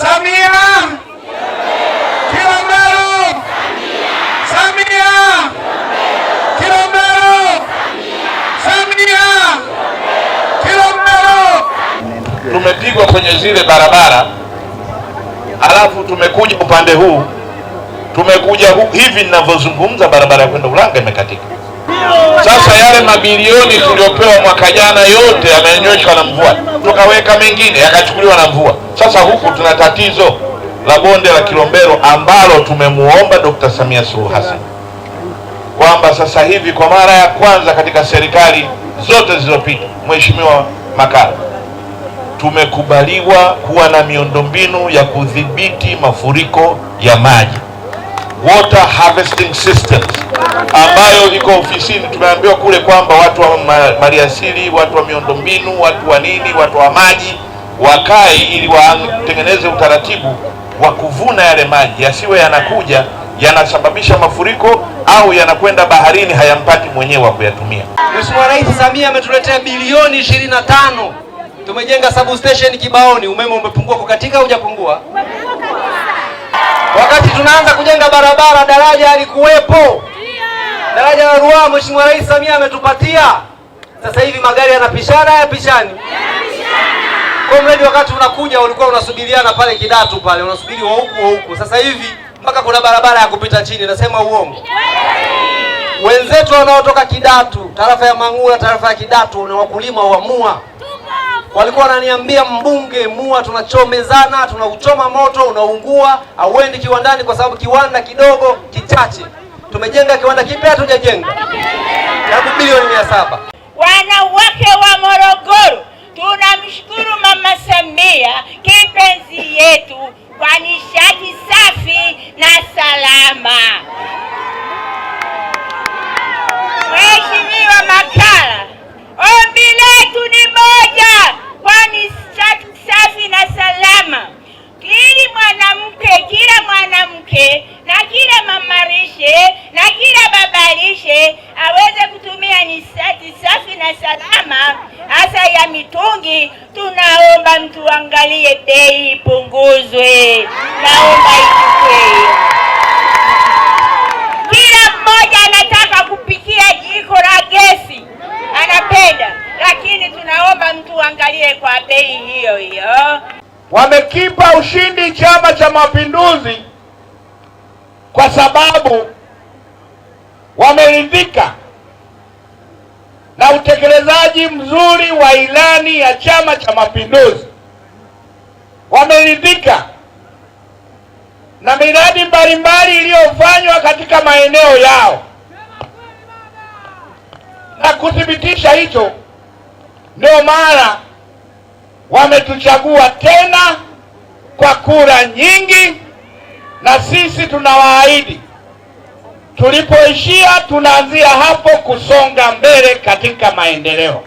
Samia Kilombero, Samia Kilombero, Samia Kilombero. Tumepigwa kwenye zile barabara, alafu tumekuja upande huu, tumekuja hu, hivi ninavyozungumza, barabara ya kwenda Ulanga imekatika. Sasa yale mabilioni tuliopewa mwaka jana yote yamenyweshwa na mvua, tukaweka mengine yakachukuliwa na mvua. Sasa huku tuna tatizo la bonde la Kilombero ambalo tumemwomba Dkt. Samia Suluhu Hassan kwamba sasa hivi kwa mara ya kwanza katika serikali zote zilizopita, Mheshimiwa Makala, tumekubaliwa kuwa na miundombinu ya kudhibiti mafuriko ya maji water harvesting systems ambayo iko ofisini. Tumeambiwa kule kwamba watu wa maliasili, watu wa miundombinu, watu wa nini, watu wa maji wakae ili watengeneze utaratibu wa kuvuna yale maji, yasiwe yanakuja yanasababisha mafuriko au yanakwenda baharini, hayampati mwenyewe wa kuyatumia. Mheshimiwa Rais Samia ametuletea bilioni ishirini na tano tumejenga substation Kibaoni. Umeme umepungua kwa katika hujapungua tunaanza kujenga barabara, daraja alikuwepo, daraja la Ruaha Mheshimiwa Rais Samia ametupatia. Sasa hivi magari yanapishana, yapishani? Comrade, wakati unakuja ulikuwa unasubiriana pale Kidatu pale, unasubiri wa huku wa huku. Sasa hivi mpaka kuna barabara ya kupita chini, nasema uongo? Wenzetu wanaotoka Kidatu, tarafa ya Mang'ula, tarafa ya Kidatu ni wakulima wa mua walikuwa wananiambia mbunge, mua tunachomezana, tunauchoma moto, unaungua, auendi kiwandani kwa sababu kiwanda kidogo kichache. Tumejenga kiwanda kipya, hatujajenga, karibu bilioni mia saba wanawake wamo yake aweze kutumia nishati safi na salama, hasa ya mitungi. Tunaomba mtuangalie bei ipunguzwe, naomba itukwe. Kila mmoja anataka kupikia jiko la gesi anapenda, lakini tunaomba mtuangalie kwa bei hiyo hiyo. Wamekipa ushindi Chama cha Mapinduzi kwa sababu wameridhika na utekelezaji mzuri wa ilani ya Chama cha Mapinduzi, wameridhika na miradi mbalimbali iliyofanywa katika maeneo yao, na kuthibitisha hicho, ndio maana wametuchagua tena kwa kura nyingi, na sisi tunawaahidi Tulipoishia tunaanzia hapo kusonga mbele katika maendeleo.